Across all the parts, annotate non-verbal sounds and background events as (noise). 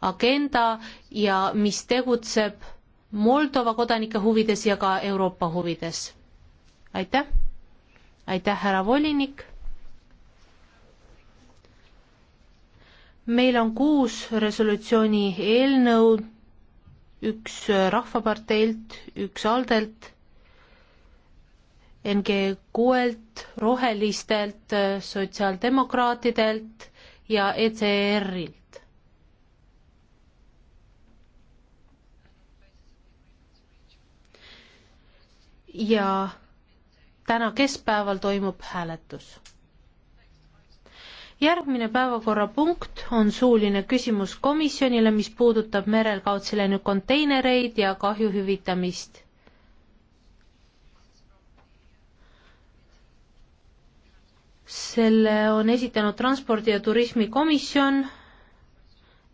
agenda ja mis tegutseb Moldova kodanike huvides ja ka Euroopa huvides. aitäh, aitäh, härra volinik. meil on kuus resolutsiooni eelnõu, üks Rahvaparteilt, üks Aldelt NG6-lt, Rohelistelt, Sotsiaaldemokraatidelt ja ECR-ilt. ja täna keskpäeval toimub hääletus. järgmine päevakorrapunkt on suuline küsimus komisjonile, mis puudutab merel kaotsi läinud konteinereid ja kahju hüvitamist. selle on esitanud Transpordi- ja Turismikomisjon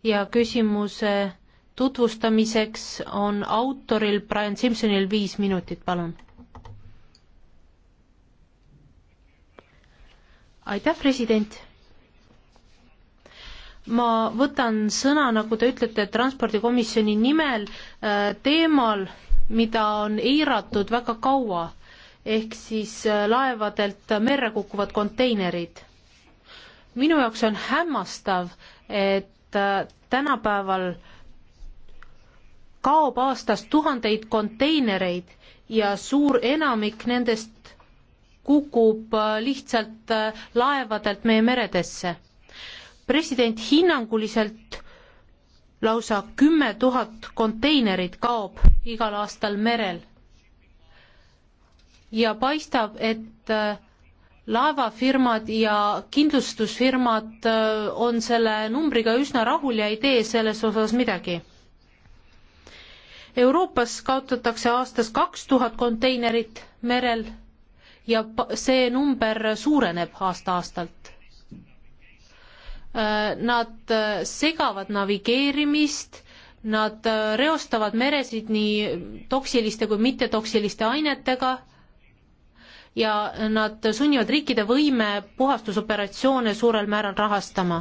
ja küsimuse tutvustamiseks on autoril Brian Simsonil viis minutit, palun aitäh, president! ma võtan sõna, nagu te ütlete, transpordikomisjoni nimel äh, teemal, mida on eiratud väga kaua, ehk siis äh, laevadelt merre kukkuvad konteinerid. minu jaoks on hämmastav, et äh, tänapäeval kaob aastas tuhandeid konteinereid ja suur enamik nendest kukub äh, lihtsalt äh, laevadelt meie meredesse. president hinnanguliselt lausa kümme tuhat konteinerit kaob igal aastal merel. ja paistab, et äh, laevafirmad ja kindlustusfirmad on selle numbriga üsna rahul ja ei tee selles osas midagi. Euroopas kaotatakse aastas kaks tuhat konteinerit merel ja see number suureneb aasta-aastalt. Äh, nad äh, segavad navigeerimist, nad äh, reostavad meresid nii toksiliste kui mittetoksiliste ainetega ja nad sunnivad riikide võime puhastusoperatsioone suurel määral rahastama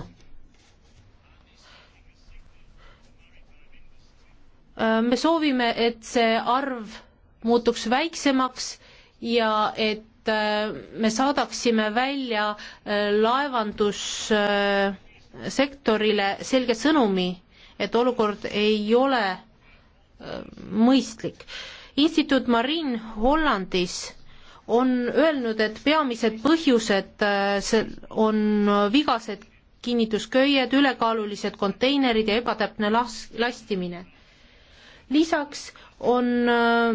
me soovime, et see arv muutuks väiksemaks ja et et äh, me saadaksime välja äh, laevandussektorile äh, selge sõnumi, et olukord ei ole mõistlik. instituut Marin Hollandis on öelnud, et peamised põhjused on vigased kinnitusköied, ülekaalulised konteinerid ja ebatäpne las-, lastimine. lisaks on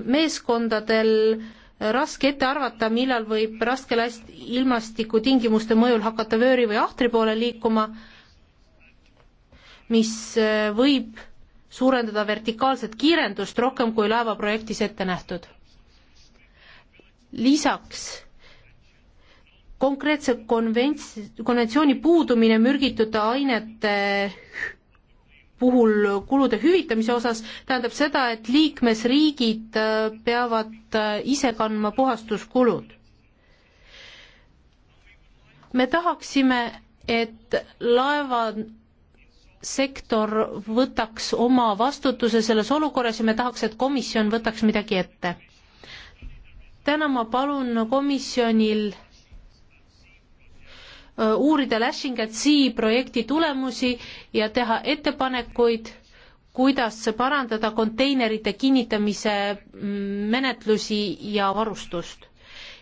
meeskondadel äh, raske ette arvata, millal võib raskel ilmastikutingimuste mõjul hakata vööri või ahtri poole liikuma, mis äh, võib suurendada vertikaalset kiirendust rohkem kui laeva projektis ette nähtud. lisaks konkreetse konvents-, konventsiooni puudumine mürgitud ainete puhul kulude hüvitamise osas tähendab seda, et liikmesriigid äh, peavad äh, ise kandma puhastuskulud. me tahaksime, et laevasektor võtaks oma vastutuse selles olukorras ja me tahaks, et komisjon võtaks midagi ette. täna ma palun komisjonil Äh, uurida Lashing at Sea projekti tulemusi ja teha ettepanekuid, kuidas parandada konteinerite kinnitamise mm, menetlusi ja varustust.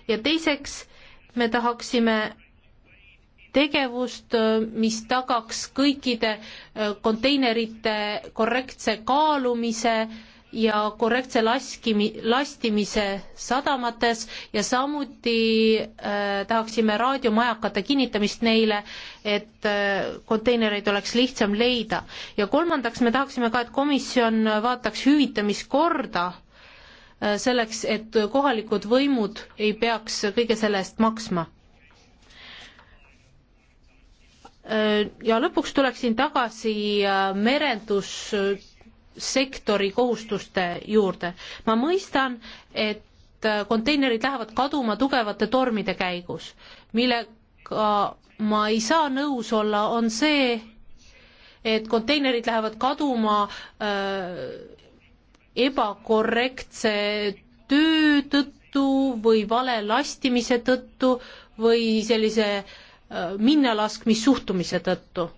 ja teiseks, me tahaksime tegevust, äh, mis tagaks kõikide äh, konteinerite korrektse kaalumise, ja korrektse laskimi-, lastimise sadamates ja samuti äh, tahaksime raadiomajakate kinnitamist neile, et äh, konteinereid oleks lihtsam leida. ja kolmandaks me tahaksime ka, et komisjon vaataks hüvitamiskorda äh, selleks, et kohalikud võimud ei peaks kõige selle eest maksma äh, ja lõpuks tuleksin tagasi äh, merendus sektori kohustuste juurde. ma mõistan, et konteinerid lähevad kaduma tugevate tormide käigus, millega ma ei saa nõus olla, on see, et konteinerid lähevad kaduma äh, ebakorrektse töö tõttu või vale lastimise tõttu või sellise äh, minnalaskmissuhtumise tõttu.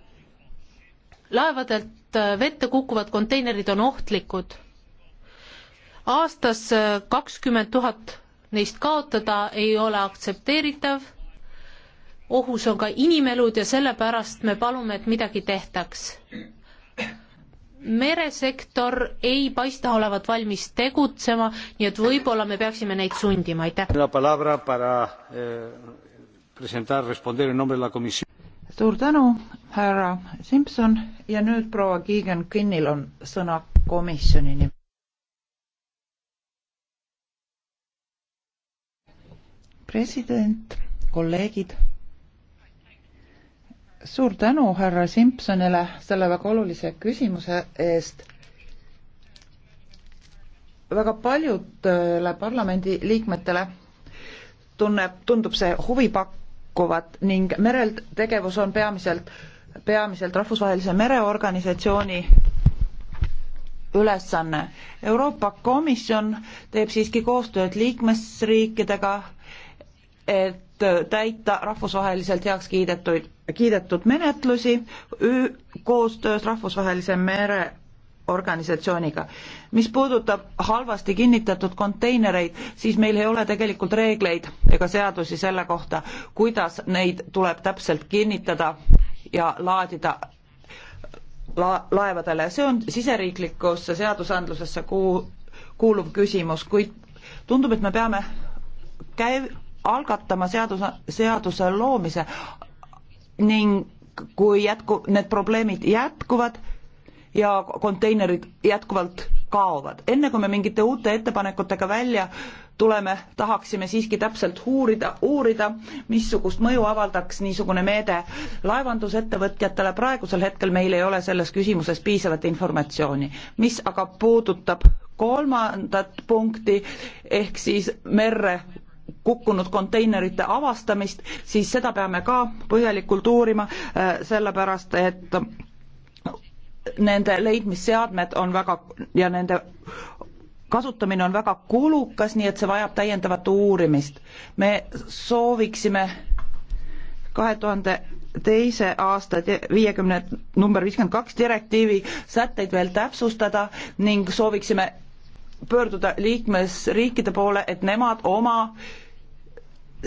laevadelt Äh, vette kukkuvad konteinerid on ohtlikud. aastas äh, kakskümmend tuhat neist kaotada ei ole aktsepteeritav. ohus on ka inimelud ja sellepärast me palume, et midagi tehtaks. meresektor ei paista olevat valmis tegutsema, nii et võib-olla me peaksime neid sundima, aitäh suur tänu, härra Simson ja nüüd proua Kiigen Kinnil on sõna komisjoni nimel. president, kolleegid, suur tänu härra Simsonile selle väga olulise küsimuse eest väga paljudele parlamendi liikmetele tunneb, tundub see huvipakk jätkuvad ning merel tegevus on peamiselt, peamiselt Rahvusvahelise Mereorganisatsiooni ülesanne. Euroopa Komisjon teeb siiski koostööd liikmesriikidega, et täita rahvusvaheliselt heaks kiidetuid, kiidetud menetlusi koostöös Rahvusvahelise Mere organisatsiooniga. mis puudutab halvasti kinnitatud konteinereid, siis meil ei ole tegelikult reegleid ega seadusi selle kohta, kuidas neid tuleb täpselt kinnitada ja laadida la laevadele, see on siseriiklikusse seadusandlusesse kuu kuuluv küsimus, kuid tundub, et me peame käiv-, algatama seaduse, seaduse loomise ning kui jätku-, need probleemid jätkuvad, ja konteinerid jätkuvalt kaovad. enne kui me mingite uute ettepanekutega välja tuleme, tahaksime siiski täpselt uurida, uurida, missugust mõju avaldaks niisugune meede laevandusettevõtjatele, praegusel hetkel meil ei ole selles küsimuses piisavat informatsiooni. mis aga puudutab kolmandat punkti ehk siis merre kukkunud konteinerite avastamist, siis seda peame ka põhjalikult uurima, äh, sellepärast et nende leidmisseadmed on väga ja nende kasutamine on väga kulukas, nii et see vajab täiendavat uurimist. me sooviksime kahe tuhande teise aasta viiekümne, number viiskümmend kaks direktiivi sätteid veel täpsustada ning sooviksime pöörduda liikmesriikide poole, et nemad oma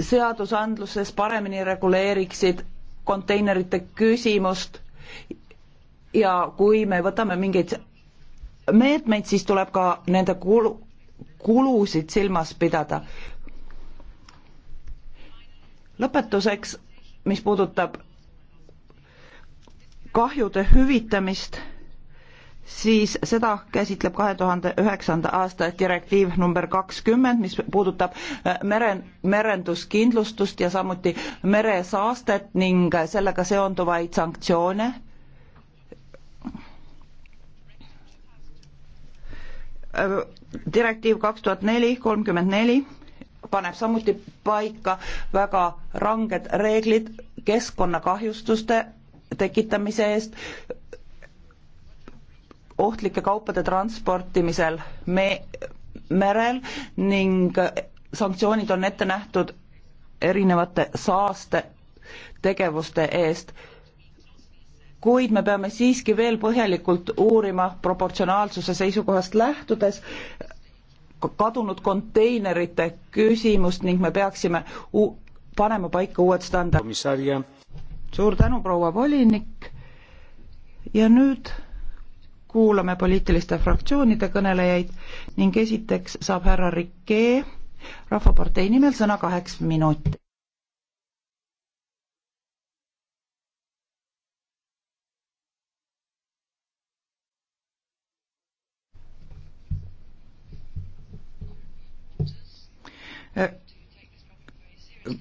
seadusandluses paremini reguleeriksid konteinerite küsimust ja kui me võtame mingeid meetmeid, siis tuleb ka nende kulu, kulusid silmas pidada. lõpetuseks, mis puudutab kahjude hüvitamist, siis seda käsitleb kahe tuhande üheksanda aasta direktiiv number kakskümmend, mis puudutab äh, mere, merenduskindlustust ja samuti meresaastet ning sellega seonduvaid sanktsioone Äh, direktiiv kaks tuhat neli kolmkümmend neli paneb samuti paika väga ranged reeglid keskkonnakahjustuste tekitamise eest ohtlike kaupade transportimisel me merel ning sanktsioonid on ette nähtud erinevate saaste tegevuste eest kuid me peame siiski veel põhjalikult uurima proportsionaalsuse seisukohast lähtudes kadunud konteinerite küsimust ning me peaksime panema paika uued standardid. suur tänu, proua volinik. ja nüüd kuulame poliitiliste fraktsioonide kõnelejaid ning esiteks saab härra Rikee Rahvapartei nimel sõna kaheks minutiks.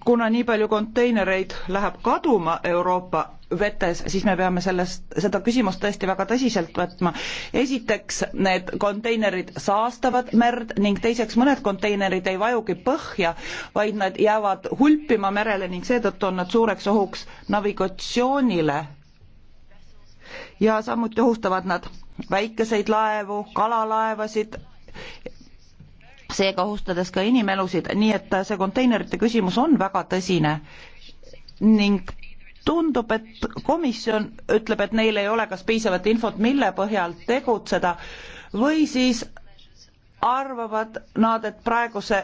kuna nii palju konteinereid läheb kaduma Euroopa vetes, siis me peame sellest, seda küsimust tõesti väga tõsiselt võtma. esiteks, need konteinerid saastavad merd ning teiseks, mõned konteinerid ei vajugi põhja, vaid nad jäävad hulpima merele ning seetõttu on nad suureks ohuks navigatsioonile. ja samuti ohustavad nad väikeseid laevu, kalalaevasid seega ohustades ka inimelusid, nii et see konteinerite küsimus on väga tõsine ning tundub, et komisjon ütleb, et neil ei ole kas piisavat infot, mille põhjal tegutseda või siis arvavad nad, et praeguse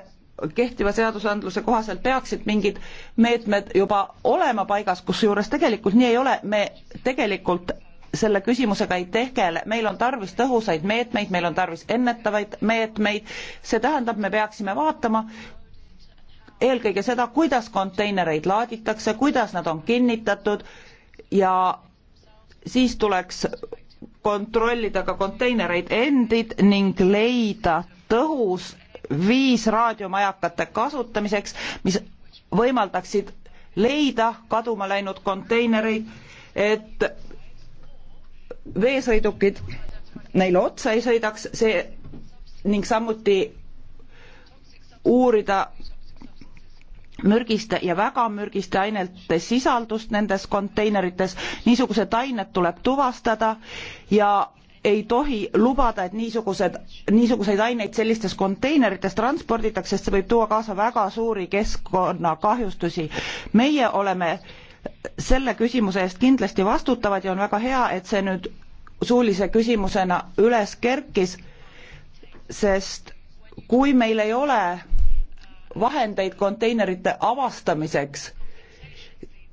kehtiva seadusandluse kohaselt peaksid mingid meetmed juba olema paigas, kusjuures tegelikult nii ei ole, me tegelikult selle küsimusega ei tegele, meil on tarvis tõhusaid meetmeid, meil on tarvis ennetavaid meetmeid, see tähendab, me peaksime vaatama, eelkõige seda, kuidas konteinereid laaditakse, kuidas nad on kinnitatud ja siis tuleks kontrollida ka konteinereid endid ning leida tõhus viis raadiomajakate kasutamiseks, mis võimaldaksid leida kaduma läinud konteinereid, et veesõidukid neile otsa ei sõidaks, see ning samuti uurida mürgiste ja väga mürgiste ainete sisaldust nendes konteinerites. niisugused ained tuleb tuvastada ja ei tohi lubada, et niisugused, niisuguseid aineid sellistes konteinerites transporditakse, sest see võib tuua kaasa väga suuri keskkonnakahjustusi. meie oleme selle küsimuse eest kindlasti vastutavad ja on väga hea, et see nüüd suulise küsimusena üles kerkis, sest kui meil ei ole vahendeid konteinerite avastamiseks,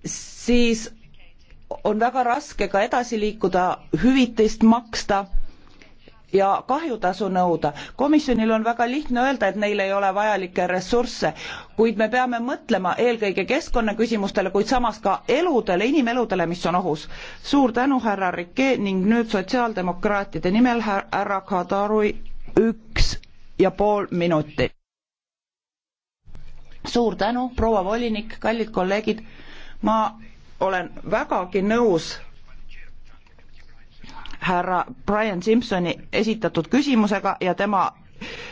siis on väga raske ka edasi liikuda, hüvitist maksta ja kahjutasu nõuda. komisjonil on väga lihtne öelda, et neil ei ole vajalikke ressursse, kuid me peame mõtlema eelkõige keskkonnaküsimustele, kuid samas ka eludele, inimeludele, mis on ohus. suur tänu, härra Rikke ning nüüd sotsiaaldemokraatide nimel härra Kadarui üks ja pool minutit. suur tänu, proua volinik, kallid kolleegid, ma olen vägagi nõus härra Brian Simpsoni esitatud küsimusega ja tema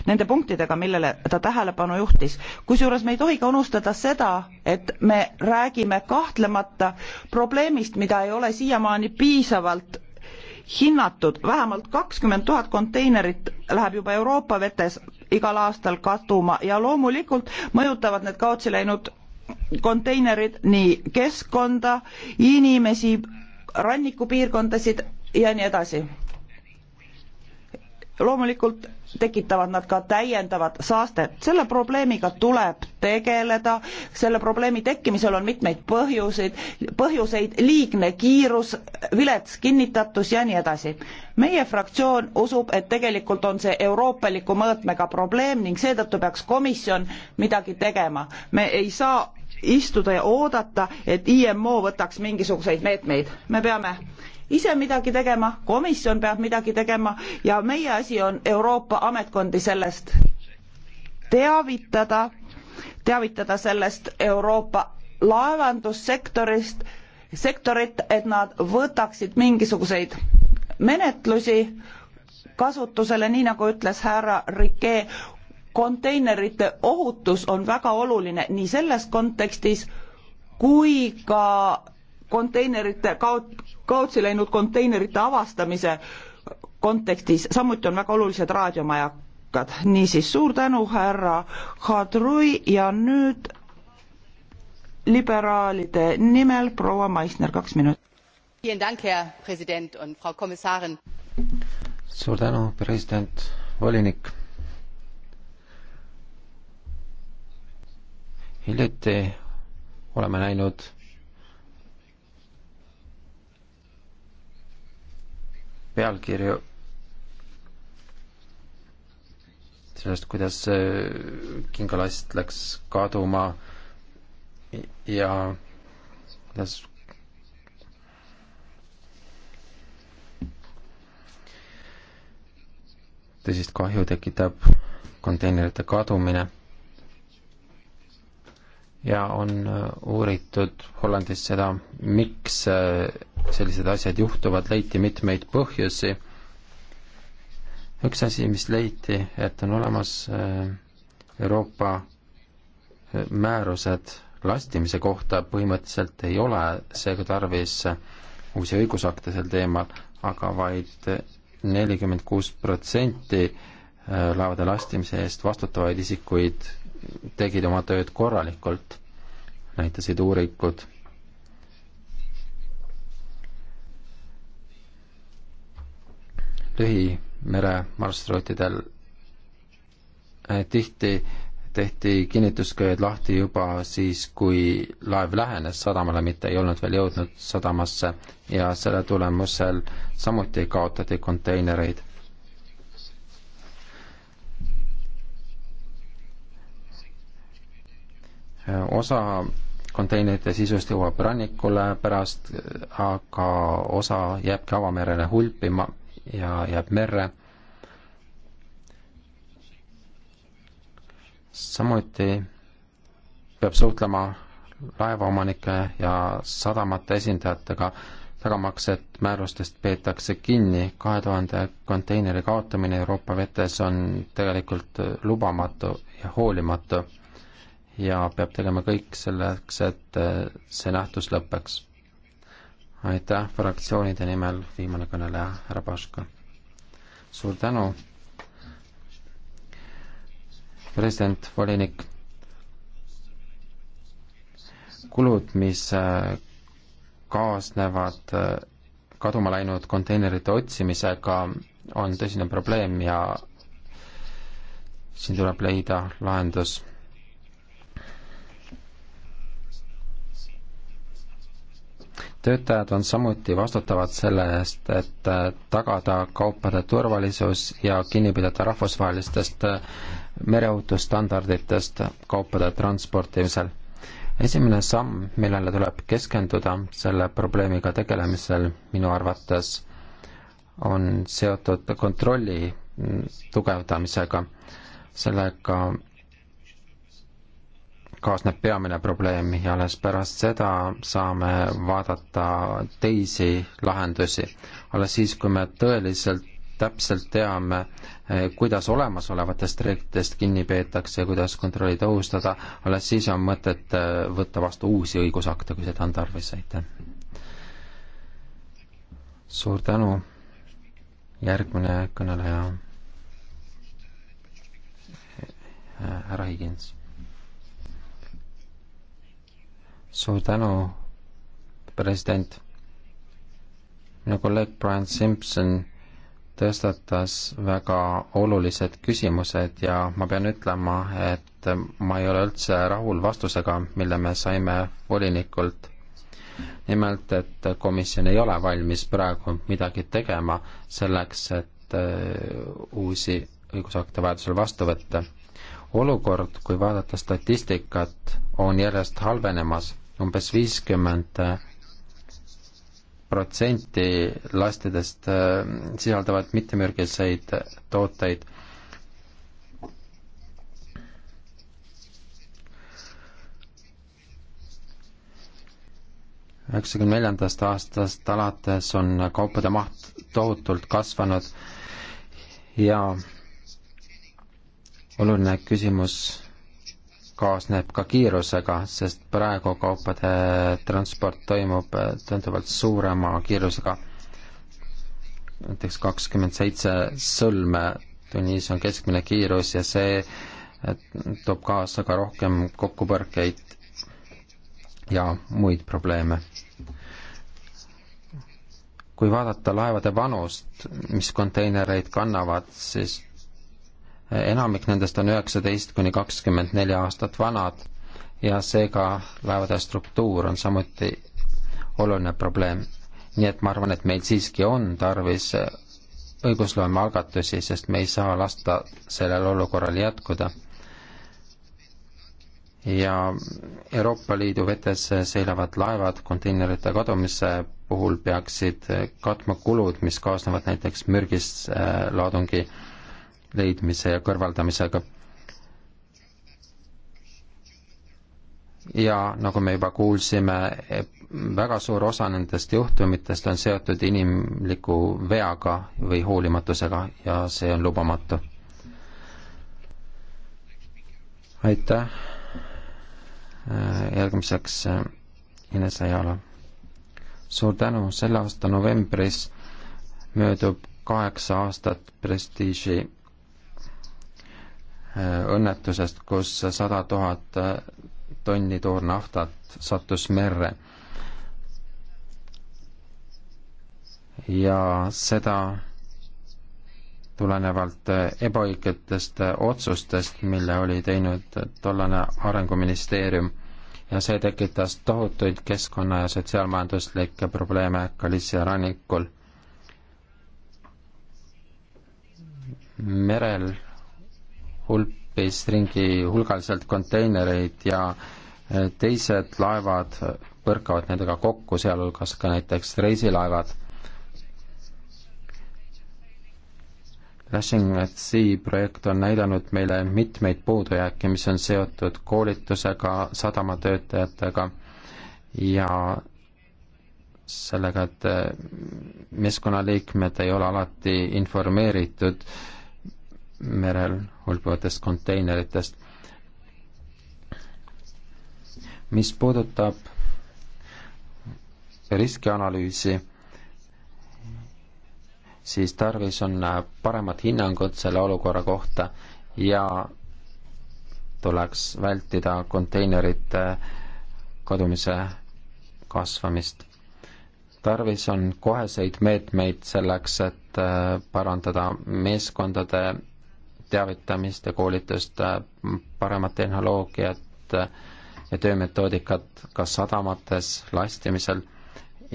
nende punktidega, millele ta tähelepanu juhtis. kusjuures me ei tohi ka unustada seda, et me räägime kahtlemata probleemist, mida ei ole siiamaani piisavalt hinnatud, vähemalt kakskümmend tuhat konteinerit läheb juba Euroopa vetes igal aastal kaduma ja loomulikult mõjutavad need kaotsi läinud konteinerid nii keskkonda, inimesi, rannikupiirkondasid ja nii edasi. loomulikult tekitavad nad ka täiendavat saastet, selle probleemiga tuleb tegeleda, selle probleemi tekkimisel on mitmeid põhjuseid, põhjuseid, liigne kiirus, vilets kinnitatus ja nii edasi. meie fraktsioon usub, et tegelikult on see euroopaliku mõõtmega probleem ning seetõttu peaks komisjon midagi tegema. me ei saa istuda ja oodata, et IMO võtaks mingisuguseid meetmeid, me peame ise midagi tegema, komisjon peab midagi tegema ja meie asi on Euroopa ametkondi sellest teavitada, teavitada sellest Euroopa laevandussektorist, sektorit, et nad võtaksid mingisuguseid menetlusi kasutusele, nii nagu ütles härra Riquet, konteinerite ohutus on väga oluline nii selles kontekstis kui ka konteinerite kaot-, kaotsi läinud konteinerite avastamise kontekstis, samuti on väga olulised raadiomajakad. niisiis, suur tänu, härra Kadri ja nüüd liberaalide nimel proua Maisner, kaks minutit. suur tänu, president, volinik. hiljuti oleme näinud pealkirju sellest, kuidas kingalast läks kaduma ja kuidas tõsist kahju tekitab konteinerite kadumine ja on äh, uuritud Hollandis seda, miks äh, sellised asjad juhtuvad, leiti mitmeid põhjusi. üks asi, mis leiti, et on olemas äh, Euroopa määrused lastimise kohta, põhimõtteliselt ei ole seega tarvis uusi õigusakte sel teemal, aga vaid nelikümmend kuus protsenti laevade lastimise eest vastutavaid isikuid tegid oma tööd korralikult, näitasid uurikud. lühimere marsruutidel eh, tihti tehti kinnituskööd lahti juba siis, kui laev lähenes sadamale, mitte ei olnud veel jõudnud sadamasse ja selle tulemusel samuti kaotati konteinereid osa konteinerite sisust jõuab rannikule pärast, aga osa jääbki avamerele hulpima ja jääb merre. samuti peab suhtlema laevaomanike ja sadamate esindajatega, tagamaks, et määrustest peetakse kinni. kahe tuhande konteineri kaotamine Euroopa vetes on tegelikult lubamatu ja hoolimatu ja peab tegema kõik selleks, et eh, see nähtus lõpeks. aitäh fraktsioonide nimel, viimane kõneleja, härra Paška. suur tänu, president, volinik. kulud, mis eh, kaasnevad eh, kaduma läinud konteinerite otsimisega, on tõsine probleem ja siin tuleb leida lahendus töötajad on samuti vastutavad selle eest, et äh, tagada kaupade turvalisus ja kinni pidada rahvusvahelistest äh, mereohutusstandarditest kaupade transportimisel. esimene samm, millele tuleb keskenduda selle probleemiga tegelemisel minu arvates, on seotud kontrolli mm, tugevdamisega, sellega, kaasneb peamine probleem ja alles pärast seda saame vaadata teisi lahendusi. alles siis, kui me tõeliselt täpselt teame, eh, kuidas olemasolevatest reeglitest kinni peetakse ja kuidas kontrolli tõhustada, alles siis on mõtet eh, võtta vastu uusi õigusakte, kui seda on tarvis, aitäh. suur tänu, järgmine kõneleja, eh, härra Higins suur tänu, president. minu kolleeg Brian Simpson tõstatas väga olulised küsimused ja ma pean ütlema, et ma ei ole üldse rahul vastusega, mille me saime volinikult. nimelt, et komisjon ei ole valmis praegu midagi tegema selleks, et äh, uusi õigusakte vajadusel vastu võtta olukord, kui vaadata statistikat, on järjest halvenemas umbes. umbes viiskümmend protsenti lastidest äh, sisaldavad mittemürgiseid tooteid. üheksakümne neljandast aastast alates on kaupade maht tohutult kasvanud ja oluline küsimus kaasneb ka kiirusega, sest praegu kaupade transport toimub äh, tunduvalt suurema kiirusega. näiteks kakskümmend seitse sõlme tunnis on keskmine kiirus ja see äh, toob kaasa ka rohkem kokkupõrkeid ja muid probleeme. kui vaadata laevade vanust, mis konteinereid kannavad, siis enamik nendest on üheksateist kuni kakskümmend neli aastat vanad ja seega laevade struktuur on samuti oluline probleem. nii et ma arvan, et meil siiski on tarvis õigusloome algatusi, sest me ei saa lasta sellel olukorral jätkuda. ja Euroopa Liidu vetes seilavad laevad konteinerite kadumise puhul peaksid katma kulud, mis kaasnevad näiteks mürgist äh, laadungi äh, leidmise ja kõrvaldamisega. ja nagu me juba kuulsime, väga suur osa nendest juhtumitest on seotud inimliku veaga või hoolimatusega ja see on lubamatu. aitäh, äh, järgmiseks äh, Ines Ajala. suur tänu, selle aasta novembris möödub kaheksa aastat prestiiži Äh, õnnetusest, kus sada tuhat äh, tonni toornaftat sattus merre. ja seda tulenevalt äh, ebaõigetest otsustest, mille oli teinud tollane Arenguministeerium ja see tekitas tohutuid keskkonna- ja sotsiaalmajanduslikke probleeme Galicia rannikul. merel hulpis ringi hulgaliselt konteinereid ja eh, teised laevad põrkavad nendega kokku, sealhulgas ka näiteks reisilaevad. Lashing at Sea projekt on näidanud meile mitmeid puudujääke, mis on seotud koolitusega, sadamatöötajatega ja sellega, et eh, meeskonnaliikmed ei ole alati informeeritud äh, merel hulpivatest konteineritest. mis puudutab riskianalüüsi, siis tarvis on paremat hinnangut selle olukorra kohta ja tuleks vältida konteinerite kadumise kasvamist. tarvis on koheseid meetmeid selleks, et äh, parandada meeskondade teavitamist ja koolitust, paremat tehnoloogiat ja töömetoodikat ka sadamates lastimisel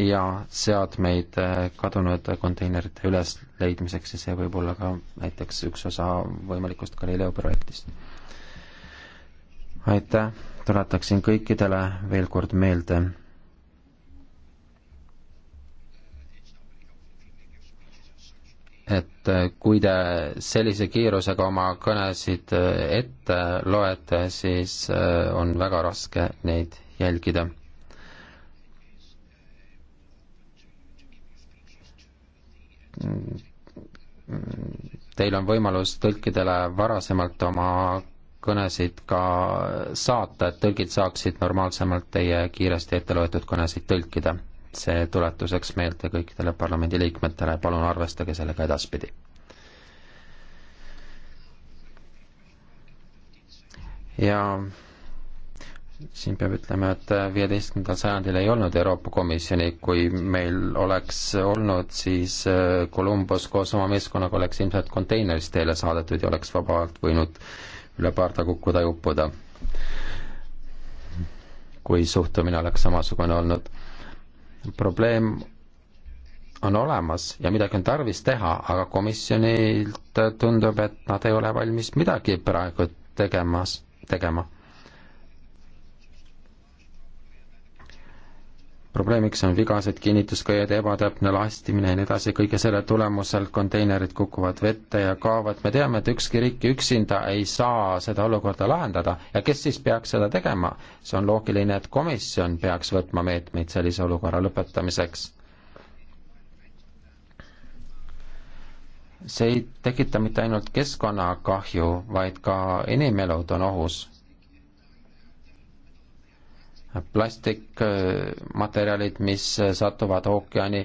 ja seadmeid äh, kadunud konteinerite ülesleidmiseks ja see võib olla ka näiteks üks osa võimalikust Galileo projektist. aitäh, tuletaksin kõikidele veel kord meelde et äh, kui te sellise kiirusega oma kõnesid äh, ette loete, siis äh, on väga raske neid jälgida. Teil on võimalus tõlkidele varasemalt oma kõnesid ka saata, et tõlgid saaksid normaalsemalt teie kiiresti ette loetud kõnesid tõlkida see tuletuseks meelde kõikidele parlamendiliikmetele, palun arvestage sellega edaspidi. ja siin peab ütlema, et viieteistkümnendal sajandil ei olnud Euroopa Komisjoni, kui meil oleks olnud, siis Columbus koos oma meeskonnaga oleks ilmselt konteinerist teele saadetud ja oleks vabalt võinud üle parda kukkuda ja uppuda. kui suhtumine oleks samasugune olnud probleem on olemas ja midagi on tarvis teha, aga komisjonilt tundub, et nad ei ole valmis midagi praegu tegemas, tegema. probleemiks on vigased kinnituskõied, ebatäpne lastimine ja nii edasi, kõige selle tulemusel konteinerid kukuvad vette ja kaovad, me teame, et ükski riik üksinda ei saa seda olukorda lahendada ja kes siis peaks seda tegema? see on loogiline, et komisjon peaks võtma meetmeid sellise olukorra lõpetamiseks. see ei tekita mitte ainult keskkonnakahju, vaid ka inimelud on ohus plastikmaterjalid, mis satuvad ookeani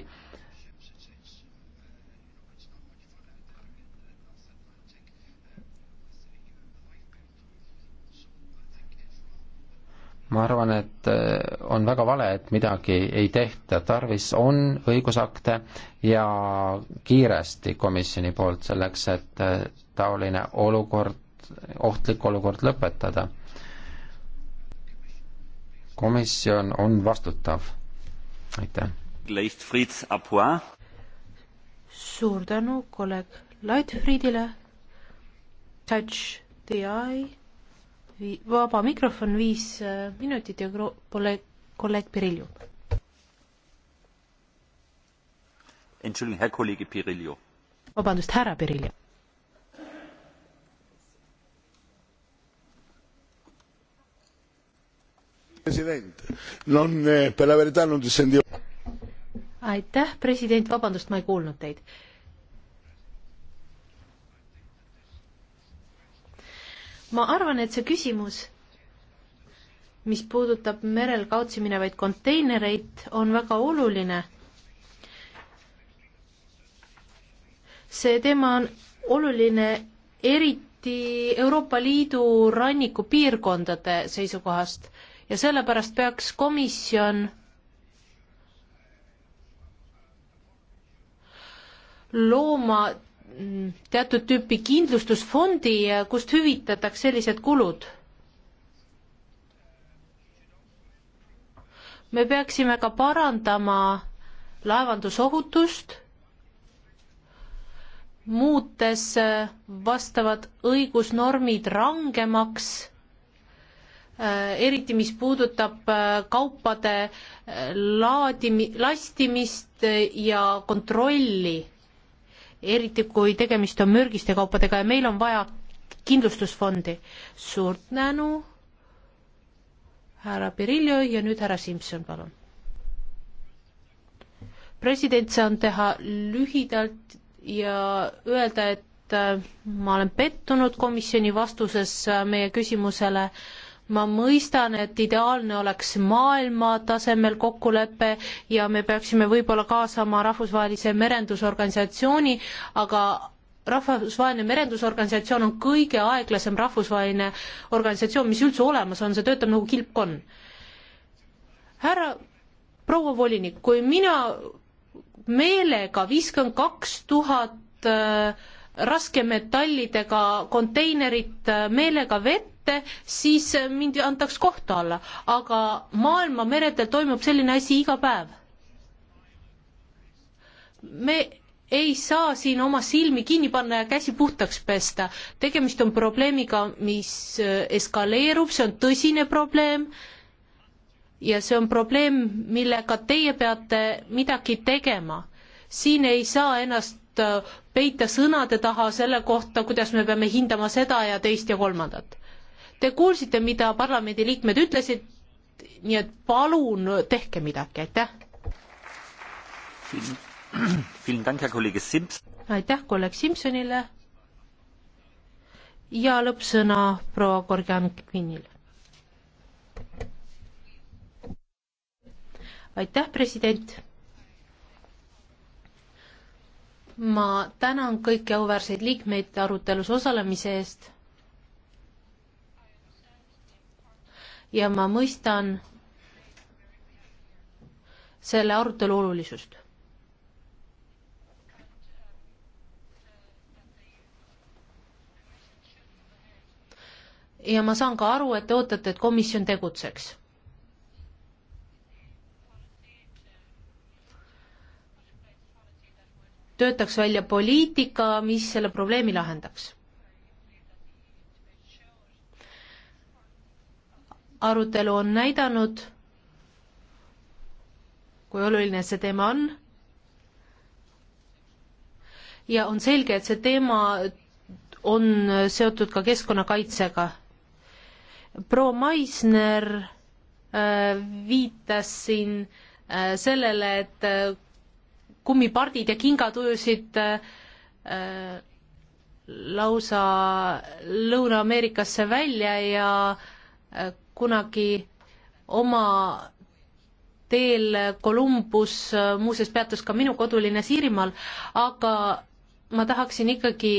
ma arvan, et äh, on väga vale, et midagi ei tehta, tarvis on õigusakte ja kiiresti komisjoni poolt selleks, et äh, taoline olukord, ohtlik olukord lõpetada komisjon on vastutav. aitäh. suur tänu kolleeg Leitfriedile. Touch the eye, vaba mikrofon viis äh, minutit ja kolleeg, kolleeg Pirilju. vabandust, härra Pirilju president, non eh, per la verità non ti sentivo. aitäh, president, vabandust, ma ei kuulnud teid. ma arvan, et see küsimus, mis puudutab merel kaotsi minevaid konteinereid, on väga oluline. see teema on oluline eriti Euroopa Liidu rannikupiirkondade seisukohast ja sellepärast peaks komisjon looma teatud tüüpi kindlustusfondi, kust hüvitatakse sellised kulud. me peaksime ka parandama laevandusohutust, muutes vastavad õigusnormid rangemaks Äh, eriti mis puudutab äh, kaupade äh, laadimi-, lastimist ja kontrolli, eriti kui tegemist on mürgiste kaupadega ja meil on vaja kindlustusfondi. suur tänu, härra Pirillo ja nüüd härra Simson, palun. president, saan teha lühidalt ja öelda, et ma olen pettunud komisjoni vastuses meie küsimusele äh, ma mõistan, et ideaalne oleks maailma tasemel kokkulepe ja me peaksime võib-olla kaasama rahvusvahelise merendusorganisatsiooni, aga rahvusvaheline merendusorganisatsioon on kõige aeglasem rahvusvaheline organisatsioon, mis üldse olemas on, see töötab nagu kilpkonn. härra proua volinik, kui mina meelega viskan kaks tuhat äh, raskmetallidega konteinerit äh, meelega vette, kätte, siis mind antaks kohtu alla, aga maailma meredel toimub selline asi iga päev. me ei saa siin oma silmi kinni panna ja käsi puhtaks pesta. tegemist on probleemiga, mis eskaleerub, see on tõsine probleem ja see on probleem, millega teie peate midagi tegema. siin ei saa ennast peita sõnade taha selle kohta, kuidas me peame hindama seda ja teist ja kolmandat. Te kuulsite, mida parlamendiliikmed ütlesid, nii et palun tehke midagi, aitäh. (clears throat) aitäh kolleeg Simsonile. ja lõppsõna proua Gorgan Kvinile. aitäh, president ma tänan kõiki auväärseid liikmeid arutelus osalemise eest ja ma mõistan selle arutelu olulisust. ja ma saan ka aru, et te ootate, et komisjon tegutseks. töötaks välja poliitika, mis selle probleemi lahendaks arutelu on näidanud, kui oluline see teema on. ja on selge, et see teema on seotud ka keskkonnakaitsega. proua Maisner äh, viitas siin äh, sellele, et äh, kummipardid ja kingad ujusid lausa Lõuna-Ameerikasse välja ja kunagi oma teel Kolumbus muuseas peatus ka minu kodulinnas Iirimaal, aga ma tahaksin ikkagi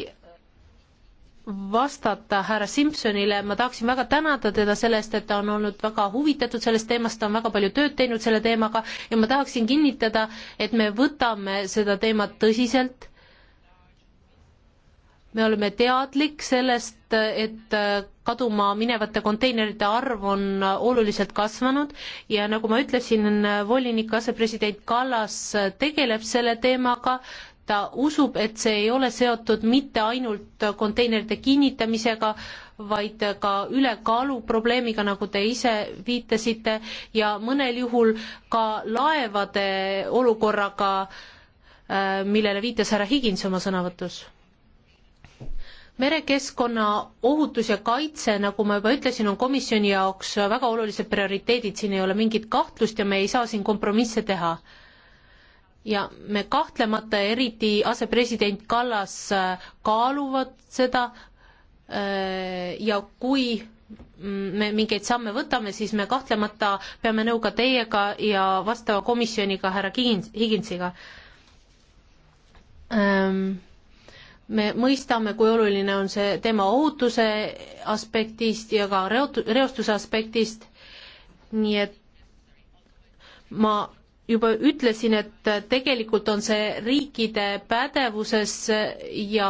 vastata härra Simsonile, ma tahaksin väga tänada teda selle eest, et ta on olnud väga huvitatud sellest teemast, ta on väga palju tööd teinud selle teemaga ja ma tahaksin kinnitada, et me võtame seda teemat tõsiselt me oleme teadlik sellest, et äh, kaduma minevate konteinerite arv on äh, oluliselt kasvanud ja nagu ma ütlesin, äh, volinik asepresident Kallas tegeleb selle teemaga, ta usub, et see ei ole seotud mitte ainult konteinerite kinnitamisega, vaid ka ülekaalu probleemiga, nagu te ise viitasite, ja mõnel juhul ka laevade olukorraga, millele viitas härra Higins oma sõnavõtus merekeskkonna ohutus ja kaitse, nagu ma juba ütlesin, on komisjoni jaoks väga olulised prioriteedid, siin ei ole mingit kahtlust ja me ei saa siin kompromisse teha. ja me kahtlemata, eriti asepresident Kallas kaaluvad seda äh, ja kui me mingeid samme võtame, siis me kahtlemata peame nõu ka teiega ja vastava komisjoniga, härra Higgins, Higginsiga ähm me mõistame, kui oluline on see tema ohutuse aspektist ja ka reotu-, reostuse aspektist, nii et ma juba ütlesin, et tegelikult on see riikide pädevuses ja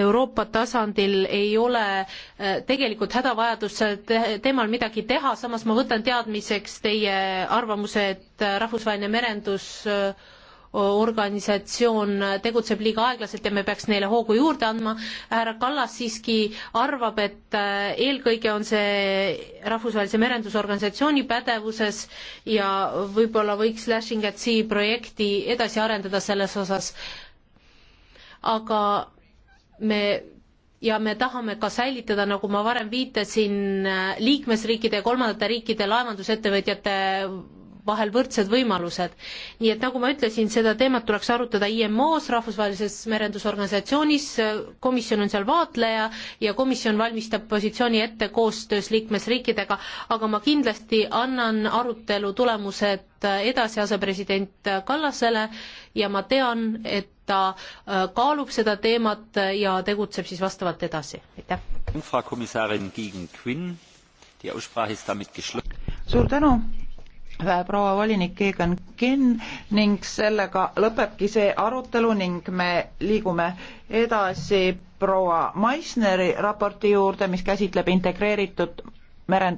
Euroopa tasandil ei ole äh, tegelikult hädavajadust temal midagi teha, samas ma võtan teadmiseks teie arvamuse, et äh, rahvusvaheline merendus äh, organisatsioon tegutseb liiga aeglaselt ja me peaks neile hoogu juurde andma. härra Kallas siiski arvab, et äh, eelkõige on see Rahvusvahelise Merendusorganisatsiooni pädevuses ja võib-olla võiks Lashing at Sea projekti edasi arendada selles osas. aga me ja me tahame ka säilitada, nagu ma varem viitasin, äh, liikmesriikide ja kolmandate riikide laevandusettevõtjate vahel võrdsed võimalused. nii et nagu ma ütlesin, seda teemat tuleks arutada IMO-s, rahvusvahelises merendusorganisatsioonis, komisjon on seal vaatleja ja komisjon valmistab positsiooni ette koostöös liikmesriikidega, aga ma kindlasti annan arutelu tulemused edasi asepresident Kallasele ja ma tean, et ta äh, kaalub seda teemat ja tegutseb siis vastavalt edasi, aitäh. suur tänu Äh, proua volinik Keegan Kinn ning sellega lõpebki see arutelu ning me liigume edasi proua Maisneri raporti juurde, mis käsitleb integreeritud merend-.